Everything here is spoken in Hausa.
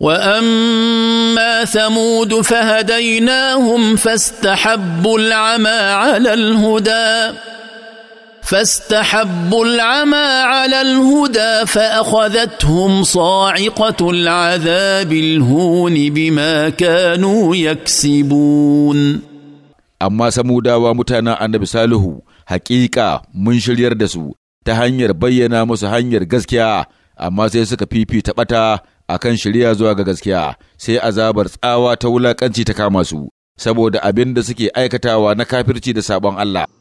واما ثمود فهديناهم فاستحبوا العمى على الهدى فاستحبوا العمى على الهدى فاخذتهم صاعقه العذاب الهون بما كانوا يكسبون amma samudawa mutanen annabi salihu hakika mun shiryar da su ta hanyar bayyana musu hanyar gaskiya amma sai suka fifita ɓata. akan shirya zuwa ga gaskiya sai azabar tsawa ta wulakanci ta kama su saboda abin da suke aikatawa na kafirci da sabon Allah